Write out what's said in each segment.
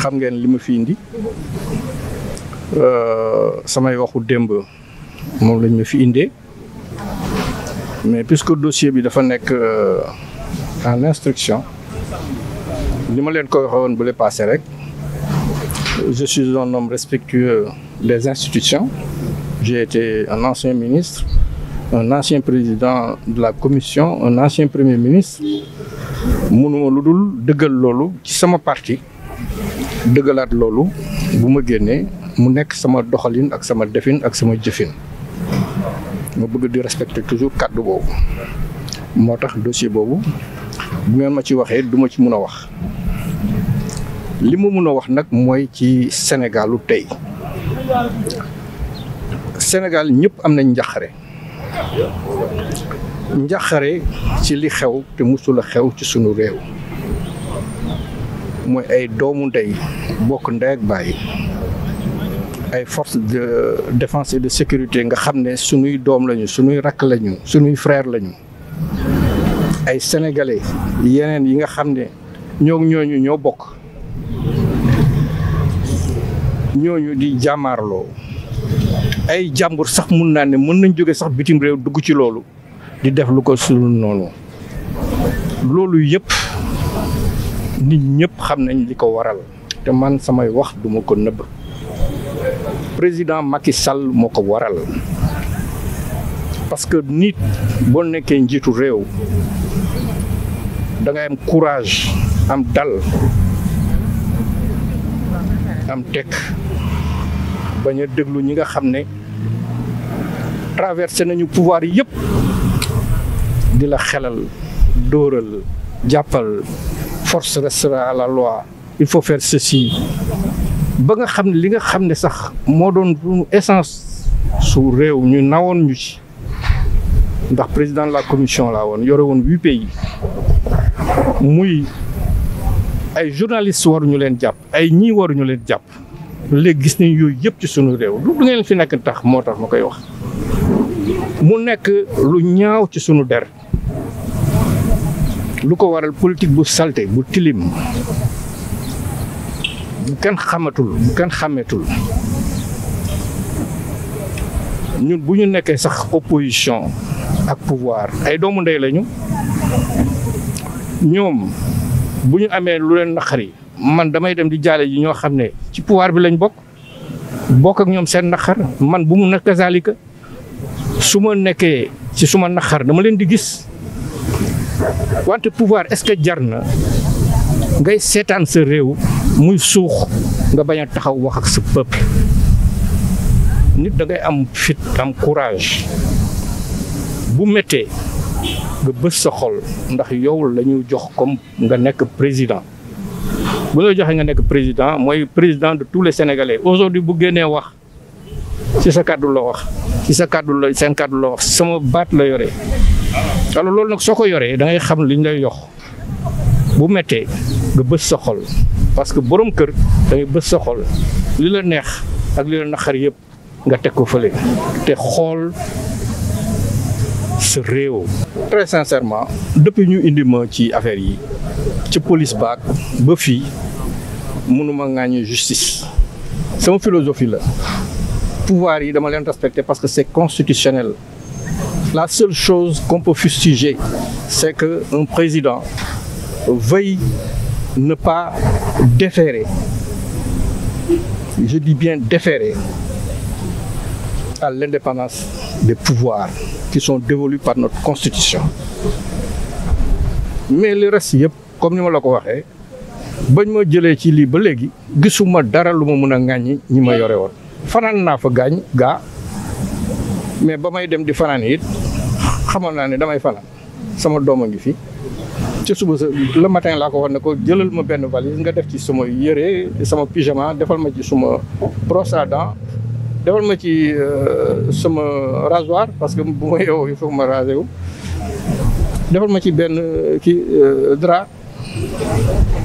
xam ngeen li ma fi indi euh, samay waxu démb moom lañ ma fi indee mais puisque dossier bi dafa nekk euh, en instruction li ma leen ko waxee woon bu rek je suis un homme respectueux des institutions j'ai été un ancien ministre un ancien président de la commission un ancien premier ministre mënuma lu dul dëggal loolu ci sama parti dëggalaat loolu bu ma génnee mu nekk sama doxalin ak sama defin ak sama jëfin ma bëgg di respecter toujours kàddu boobu moo tax dossier boobu bu ngeen ma ci waxee du ma ci mën a wax li ma mën a wax nag mooy ci Sénégalu tey Sénégal ñëpp am nañ njaqare njaxare ci li xew te musula xew ci sunu réew mooy ay doomu ndey bokk ndey ak baay ay forces de défense et de sécurité nga xam ne sunuy doom lañu sunuy rakk lañu sunuy frère lañu ay sénégalais yeneen yi nga xam ne ñoo ñooñu ñoo bokk ñooñu di jàmmaarloo ay jàmbur sax mun naa ne mën nañ jóge sax bitim réew dugg ci loolu di def lu ko sulul noonu loolu yëpp nit ñëpp xam nañ li ko waral te man samay wax duma ko nëbb président makki Sall moo ko waral parce que nit boo nekkee njiitu réew da ngay am courage am dal am tekk bañ a déglu ñi nga xam ne traversé nañu pouvoir yëpp di la xelal dóoral jàppal force restera la loi il faut faire ceci ba nga xam ne li nga xam ne sax moo doon essence su réew ñu nawoon ñu ci ndax président de la commission la woon yore woon huit pays muy ay journalistes waruñu leen jàpp ay ñii waruñu leen jàpp léegi gis nañ yooyu yëpp ci sunu réew du ngeen fi nekk tax moo tax ma koy wax mu nekk lu ñaaw ci sunu der lu ko waral politique bu salte bu tilim bu kenn xamatul bu kenn xametul ñun bu ñu nekkee sax opposition ak pouvoir ay doomu ndey lañu ñoom bu ñu amee lu leen naqari man damay dem di jaale yi ñoo xam ne ci pouvoir bi lañ bokk bokk ak ñoom seen naqar man bu mu nekk saalika su ma nekkee ci suma naqar dama leen di gis wante pouvoir est-ce que jar na ngay seetaan sa réew muy suux nga bañ a taxaw wax ak sa peuple nit da ngay am fit am courage bu méttee nga bës sa xol ndax yowul la jox comme nga nekk président bu la joxee nga nekk président mooy président de tous les sénégalais aujourd'hui bu génnee wax ci sa kàddu la wax ci sa kàddu la seen kàddu la wax sama baat la yore alors loolu nag soo ko yoree dangay xam liñ lay yox bu mettee nga bës sa xol parce que borom kër da ngay bës sa xol li la neex ak li la naqar yëpp nga teg ko fële te xool sa réew très sincèrement depuis ñu indi ci affaire yi ci police baak ba fii mënuma ŋaañu justice sama philosophie la pouvoir yi dama leen respecter parce que c'est constitutionnel la seule chose qu'on peut fustiger c'est que un président veuille ne pas déférer je dis bien déférer à l'indépendance des pouvoirs qui sont dévolues par notre constitution mais li reste yëpp comme ni ma la ko waxee bañ ma jëlee ci lii ba léegi gisuma dara lu ma mun a ŋàññi ñi ma yore woon fanaan naa fa gaañ gaa mais ba may dem di fanaan it xamoon naa ne damay fanaan sama doom a ngi fi ci suba sa le matin laa ko wax ne ko jëlal ma benn valise nga def ci suma yére sama pyjama defal ma ci suma brosse defal ma ci euh, sama rasoir parce que bu ma yeewoo il faut ma rasé defal ma ci benn euh, kii euh, drap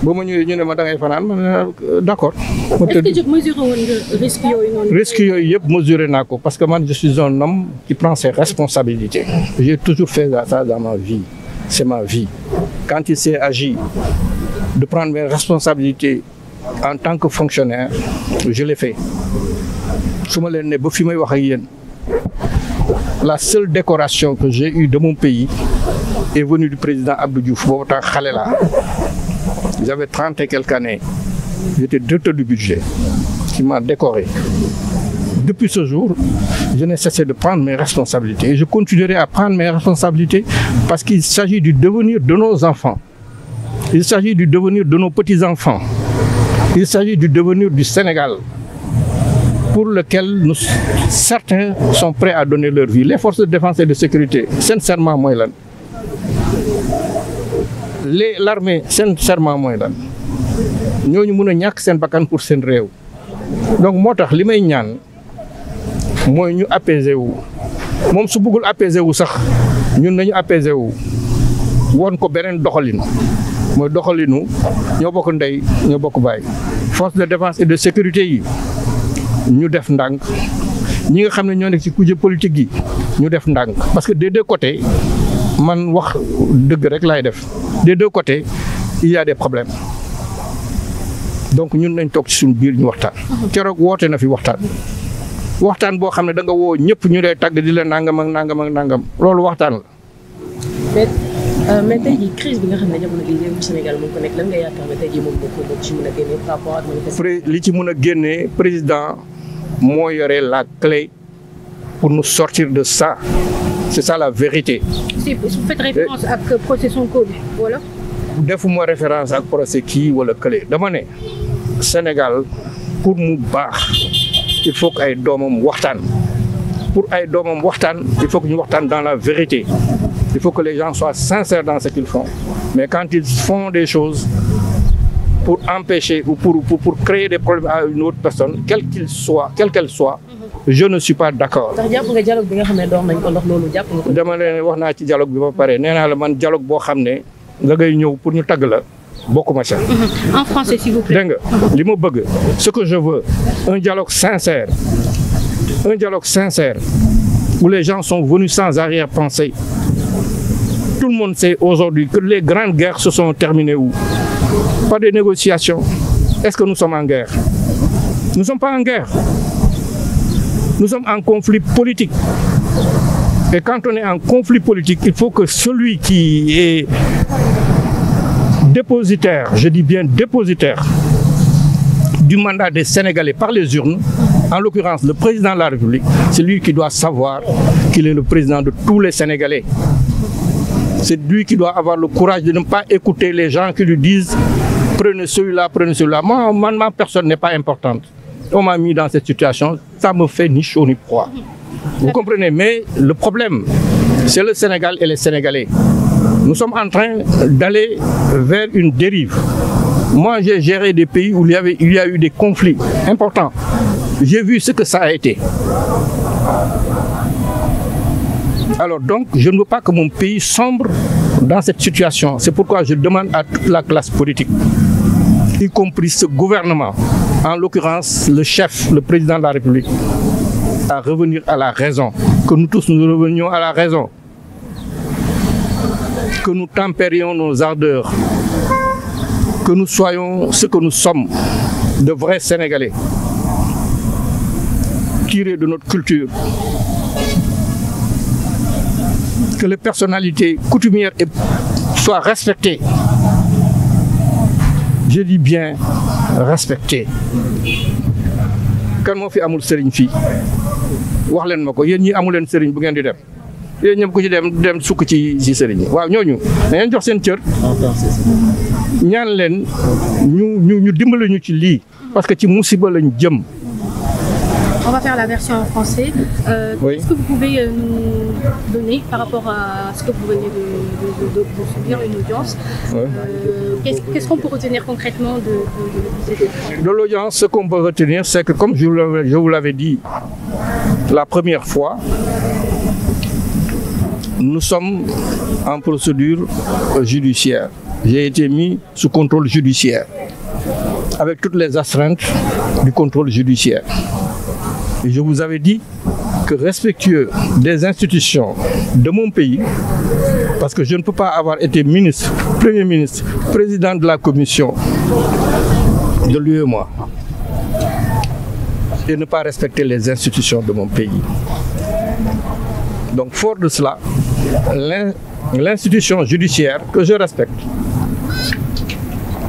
ba ma ñëwee ñu ne ma da ngay fanaan ma ne d' accord. ma risque yooyu noonu. risque yooyu naa ko parce que man je suis un homme qui prend ses responsabilités. j'ai toujours fait ça dans ma vie c'est ma vie quand il s'est agi de prendre mes responsabilités. en tant que fonctionnaire je l'ai fait su ma leen ne ba fi may wax ak yéen la seule décoration que j'ai eue de mon pays est venue du président Abdou Diouf boobu temps xale laa j'avais trente et quelques années j'étais directeur du budget qui m'a décoré depuis ce jour je n'ai cessé de prendre mes responsabilités et je continuerai à prendre mes responsabilités parce qu'il s'agit du devenir de nos enfants il s'agit du devenir de nos petits-enfants Il s'agit du devenir du Sénégal pour lequel nous, certains son prêts à donner leur vie. Les forces de défense et de sécurité, sincèrement, moi, mooy lan ñoo ñu mun a ñàkk seen bakkan pour seen réew. donc moo tax li may ñaan mooy ñu apaiser wu moom su buggul apaiser wu sax ñun nañu apaiser wu woon ko beneen doxalin. mooy doxalinu ñoo bokk ndey ñoo bokk baay force de défense et de sécurité yi ñu def ndànk ñi nga xam ne ñoo nekk ci kuje politique yi ñu def ndànk parce que des deux côtés man wax dëgg rek laay def des deux côtés il y a des donc ñun nañ toog ci suñu biir ñu waxtaan. keroog woote na fi waxtaan. waxtaan boo xam ne da nga woo ñëpp ñu lay tàgg di la nangam ak nangam ak nangam loolu waxtaan la. Euh, mais li ci mën a génnee président moo yore la clé pour nous sortir de ça c'est ça la vérité. si vous faites référence ak procès Sonko defuma référence ak procès kii wala clé dama ne Sénégal pour mu baax il faut que ay doomam waxtaan pour ay doomam waxtaan il faut que ñu waxtaan dans la vérité. Il faut que les gens soient sincères dans ce qu'ils font. Mais quand ils font des choses pour empêcher ou pour, pour, pour créer des problèmes à une autre personne, quelle qu'il soit, quelle qu'elle soit, je ne suis pas d'accord. ndax jàpp nga dialogue bi nga xam ne doon nañ ko ndax loolu jàpp nga ko. dama leen wax naa ci dialogue bi ba pare nee naa la man dialogue boo xam ne nga ngay ñëw pour ñu tagg la bokkuma ca. Mhm. en français s'il vous plaît. dégg nga li ma bëgg ce que je veux un dialogue sincère un dialogue sincère où les gens sont venus sans arrière-pensée. tout le monde sait aujourd'hui que les grandes guerres se sont terminées où Pas de négociations. Est-ce que nous sommes en guerre Nous ne sommes pas en guerre. Nous sommes en conflit politique. Et quand on est en conflit politique, il faut que celui qui est dépositaire, je dis bien dépositaire, du mandat des Sénégalais par les urnes, en l'occurrence le président de la République, c'est lui qui doit savoir qu'il est le président de tous les Sénégalais. C'est lui qui doit avoir le courage de ne pas écouter les gens qui lui disent prenez celui-là, prenez celui-là. Moi, ma personne n'est pas importante. On m'a mis dans cette situation, ça me fait ni chaud ni froid. Vous comprenez Mais le problème, c'est le Sénégal et les Sénégalais. Nous sommes en train d'aller vers une dérive. Moi, j'ai géré des pays où il y, avait, il y a eu des conflits importants. J'ai vu ce que ça a été. Alors donc, je ne veux pas que mon pays sombre dans cette situation. C'est pourquoi je demande à toute la classe politique, y compris ce gouvernement, en l'occurrence le chef, le président de la République, à revenir à la raison, que nous tous nous revenions à la raison, que nous tempérions nos ardeurs, que nous soyons ce que nous sommes, de vrais Sénégalais, tirés de notre culture, que les personnalités coutumières soient respectées. Je dis bien respecté kan moo fi amul sëriñ fii wax leen ma ko yéen ñi amu leen sëriñ bu ngeen di dem yéen ñëpp ku ci dem dem sukk ci si sëriñ waaw ñooñu na ngeen jox seen cër. ñaan ñu ñu ñu ci lii. parce que ci musiba lañ jëm. on va faire la version en français. Euh, oui. Qu'est-ce que vous pouvez euh, nous donner par rapport à ce que vous venez de, de, de, de subir, une audience ouais. euh, Qu'est-ce qu'on qu peut retenir concrètement de, l'audience Ce qu'on peut retenir, c'est que comme je, je vous l'avais dit la première fois, nous sommes en procédure judiciaire. J'ai été mis sous contrôle judiciaire, avec toutes les astreintes du contrôle judiciaire. je vous avais dit que respectueux des institutions de mon pays, parce que je ne peux pas avoir été ministre, Premier ministre, président de la commission de l'UEMOA, et ne pas respecter les institutions de mon pays. Donc fort de cela, l'institution judiciaire que je respecte,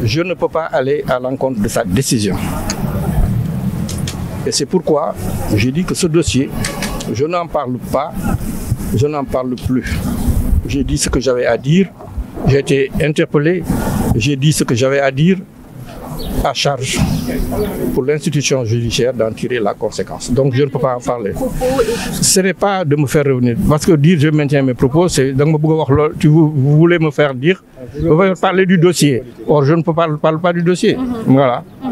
je ne peux pas aller à l'encontre de sa décision. Et c'est pourquoi j'ai dit que ce dossier, je n'en parle pas, je n'en parle plus. J'ai dit ce que j'avais à dire, j'ai été interpellé, j'ai dit ce que j'avais à dire, à charge pour l'institution judiciaire d'en tirer la conséquence. Donc je ne peux pas en parler. Ce n'est pas de me faire revenir. Parce que dire je maintiens mes propos, c'est donc tu vous, vous, voulez me faire dire, vous voulez parler du dossier. Or je ne peux pas parler pas du dossier. Mhm. Voilà. Mhm.